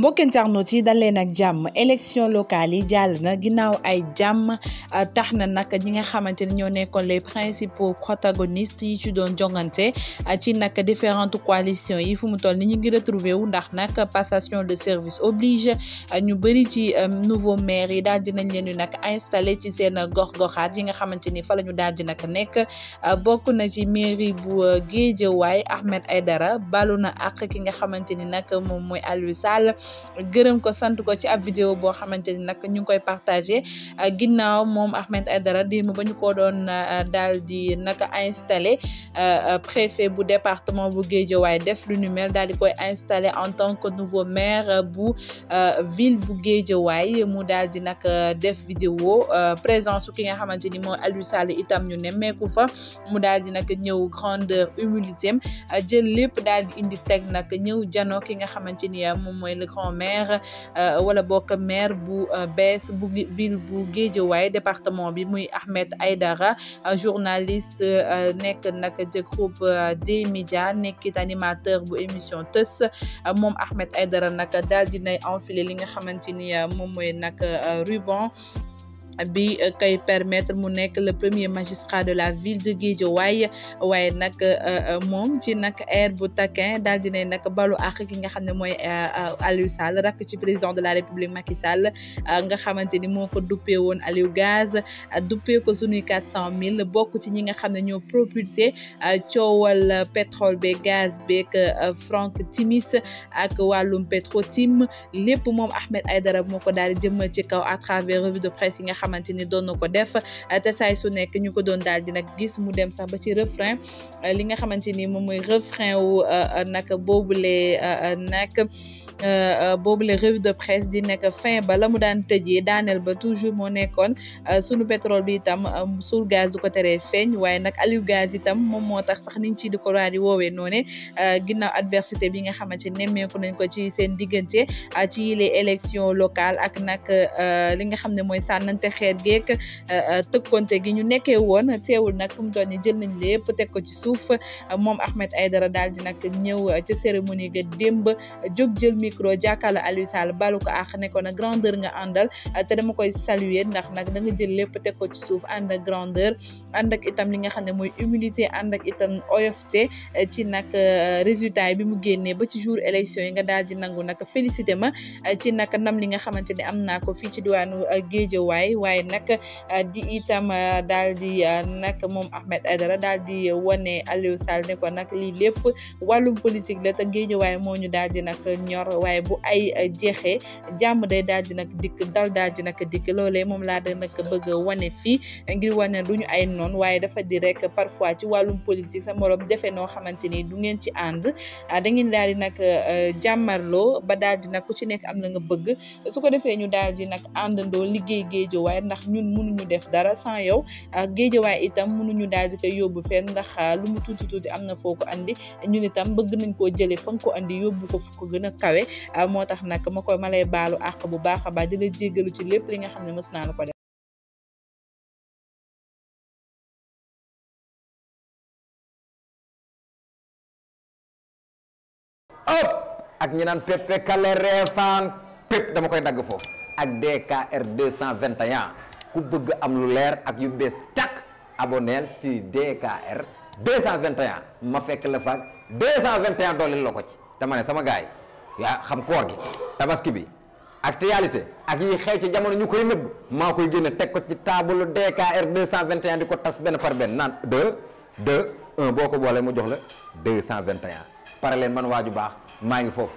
mbokk internautes yi dal leen ak jàmm élection locale yi jàll na ginnaaw ay jàmm euh, tax na nag ñi nga xamante ni ñoo nekkoon les principaux protagonistes yi ci doon jongante euh, ci nag différentes coalitions yi fu mu toll ni ñu ngi retrouver wu ndax nag passation de service oblige euh, ñu bëri ci nouveau maire yi daal dinañ leen di nag installé ci seen gox-goxaat yi nga xamante ni fa la ñu daal di nag nekk bokk na ci mairie bu Guédiawaye Ahmed dara balu na ak ki nga xamante ni nag moom mooy Aliou Sall gërëm ko sant ko ci ab vidéo boo xamante ni nag ñu ngi koy partagé ah, ginnaaw moom Ahmed dara démb ba ñu ko doon ah, daal di naka installé ah, préfet bu département bu Guédiawaye def lu ñu mel daal di koy installé en tant que nouveau maire bu ville bu Guédiawaye mu daal di nag def vidéo présence su ki nga xamante ni mooy Aliou Sall itam ñu nemmeeku fa mu daal di nag ñëw grandeur humilité jël lépp daal indi teg nag ñëw janoo ki nga xamante moom mooy le enfant maire euh, wala bokk maire bu euh, bees bu ville bu Guédiawaye département bi muy Ahmed Aïdara euh, journaliste nekk nag ci groupe des médias nekkit animateur bu émission Teuss moom Ahmed Aïdara nag daal dinay enfilé li nga xamante ni moom mooy nag ruban bi euh, kay permettre mu nekk le premier magistrat de la ville de Guédiawaye waaye nag euh, euh, moom ci nag air bu taquin daal dinay nag balu àq ki nga xam ne mooy Aliou Sall rak ci président de la République Macky Sall nga xamante ni moo ko duppee woon Aliou Gaz dupe ko sunuy quatre cent mille bokk ci ñi nga xam ne ñoo propulsé coowal pétrole be gaz beeg Franck Timis ak wàllum Petro-Tim lépp moom Ahmed Aïdara moo daal di ci kaw à travers revue de presse yi nga xam xamante ni doon na ko def te saay su nekk ñu ko doon daal di nag gis mu dem sax ba ci refrain li nga xamante ni moom mooy refrain wu euh, euh, nag boobule euh, nag boobule revue de presse di nekk fin ba la mu daan tëjee daaneel ba toujours moo nekkoon sunu pétrole bi itam suul gaz du ko teree feeñ waaye nag Aliou gaz itam moom moo tax sax ni ci di ko raadi woowee noonu ginnaaw adversité bi nga xamante nemmeeku nañ ci seen diggante ci ak nag li nga xam ne mooy sànnante xeet geeg euh, euh, tëkkonte gi ñu nekkee woon teewul nag fu mu doon ni jël nañ lépp teg ko ci suuf moom Ahmed Aidara daal di nag ñëw euh, ca cérémonie ga démb jóg jël micro jàkkaarloo Aliou Sall balu ko àq ne ko grandeur nga àndal te dama koy saluer ndax nag da nga jël lépp teg ko ci suuf ànd ak grandeur ànd ak itam li nga xam ne mooy humilité ànd ak itam oyofte ci nag résultat bi mu génnee ba ci jour élection yi nga daal di nangu nag félicité ma ci nag nam li nga xamante ne am naa ko fii ci diwaanu Géejawaay waaye nag ah, di itam ah, daal di ah, nag moom Ahmed Aidara daal di wane Aliou Sall ne ko nag lii lépp wàllum politique la ta te waaye moo ñu daal di nag ñor waaye bu ay jeexee jàmm day daal di nag dikk dal daal di nag dikk moom laa da nag bëgg wane fii ngir wane du ñu ay noon waaye dafa di rek parfois ci wàllum politique sa morom defee noo xamante ni du ngeen ci ànd da ngeen daal di nag jàmmarloo ba daal di nag ku ci nekk am na nga bëgg su ko defee ñu daal di àndandoo liggéey Guédiawaye géejawaay ndax ñun mënuñu def dara san yow ah, géejawaay itam mënuñu daal di koy yóbbu fenn ndax ah, lu mu tuuti tuuti am na foo ko andi ñun itam bëgg nañ koo jëlee fa nga ko andi yóbbu ko gën a kawe ah, moo tax nag ma koy ma lay àq bu baax a baax di la ci lépp li nga xam ne mës naa la ko naan pep pep dama koy dagg foofu ak deux DKR 221 ku bëgg am lu leer ak yu bees takk aboneel ci DKR 221 ma fekk la faak 221 dooleel la ko ci dama ne sama gaay yaa xam koor gi tabaski bi actualité ak yi xew ci jamono ñu koy nëbb maa koy génne teg ko ci taabalu DKR 221 di ko tas benn par benn naan 2 2 boo ko boolee mu jox la 221 pare leen man waaju baax maa ngi foofu